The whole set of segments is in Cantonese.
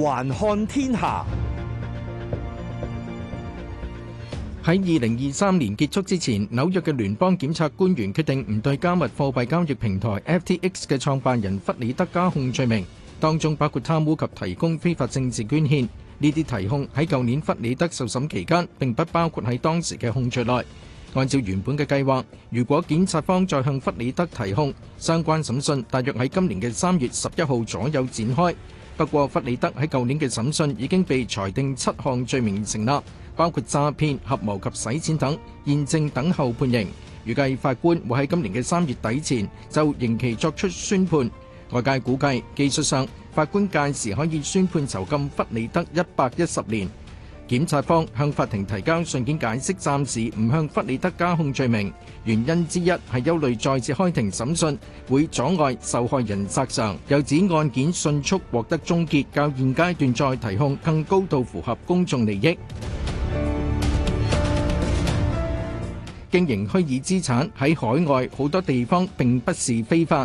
環看天下。喺二零二三年結束之前，紐約嘅聯邦檢察官員決定唔對加密貨幣交易平台 FTX 嘅創辦人弗里德加控罪名，當中包括貪污及提供非法政治捐獻。呢啲提控喺舊年弗里德受審期間，並不包括喺當時嘅控罪內。按照原本嘅計劃，如果檢察方再向弗里德提控，相關審訊大約喺今年嘅三月十一號左右展開。不過，弗里德喺舊年嘅審訊已經被裁定七項罪名成立，包括詐騙、合謀及洗錢等，現正等候判刑。預計法官會喺今年嘅三月底前就刑期作出宣判。外界估計，技術上法官屆時可以宣判囚禁弗里德一百一十年。檢察方向法庭提交信件解釋，暫時唔向弗里德加控罪名，原因之一係憂慮再次開庭審訊會阻礙受害人索償，又指案件迅速獲得終結，較現階段再提控更高度符合公眾利益。經營虛擬資產喺海外好多地方並不是非法。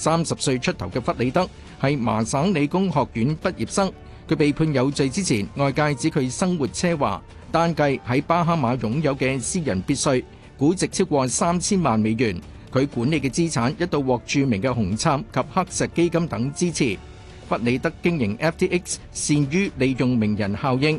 三十歲出頭嘅弗里德係麻省理工學院畢業生，佢被判有罪之前，外界指佢生活奢華，單計喺巴哈馬擁有嘅私人別墅，估值超過三千萬美元。佢管理嘅資產一度獲著名嘅紅杉及黑石基金等支持。弗里德經營 FTX，善於利用名人效應。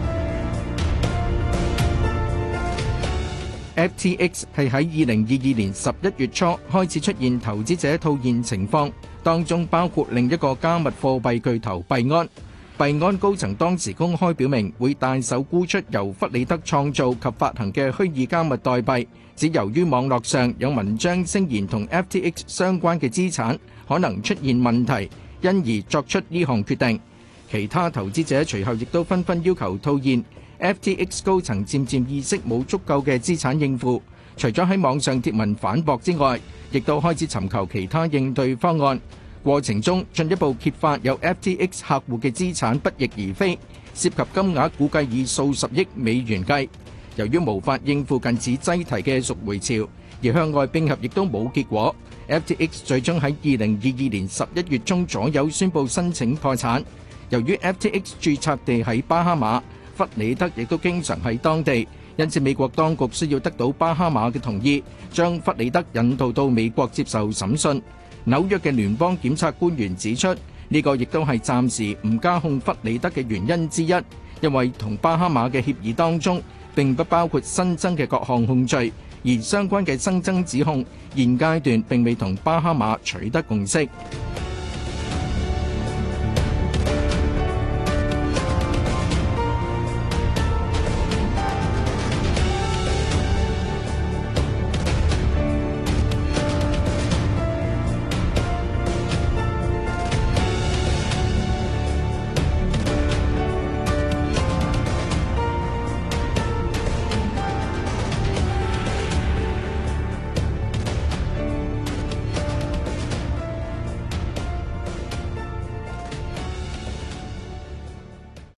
FTX 係喺二零二二年十一月初開始出現投資者套現情況，當中包括另一個加密貨幣巨頭，幣安。幣安高層當時公開表明會大手沽出由弗里德創造及發行嘅虛擬加密代幣，只由於網絡上有文章聲言同 FTX 相關嘅資產可能出現問題，因而作出呢項決定。其他投資者隨後亦都紛紛要求套現。FTX 高層漸漸意識冇足夠嘅資產應付，除咗喺網上貼文反駁之外，亦都開始尋求其他應對方案。過程中進一步揭發有 FTX 客戶嘅資產不翼而飛，涉及金額估計以數十億美元計。由於無法應付近似擠提嘅贖回潮，而向外並合亦都冇結果，FTX 弗里德亦都經常喺當地，因此美國當局需要得到巴哈馬嘅同意，將弗里德引渡到美國接受審訊。紐約嘅聯邦檢察官員指出，呢個亦都係暫時唔加控弗里德嘅原因之一，因為同巴哈馬嘅協議當中並不包括新增嘅各項控罪，而相關嘅新增指控現階段並未同巴哈馬取得共識。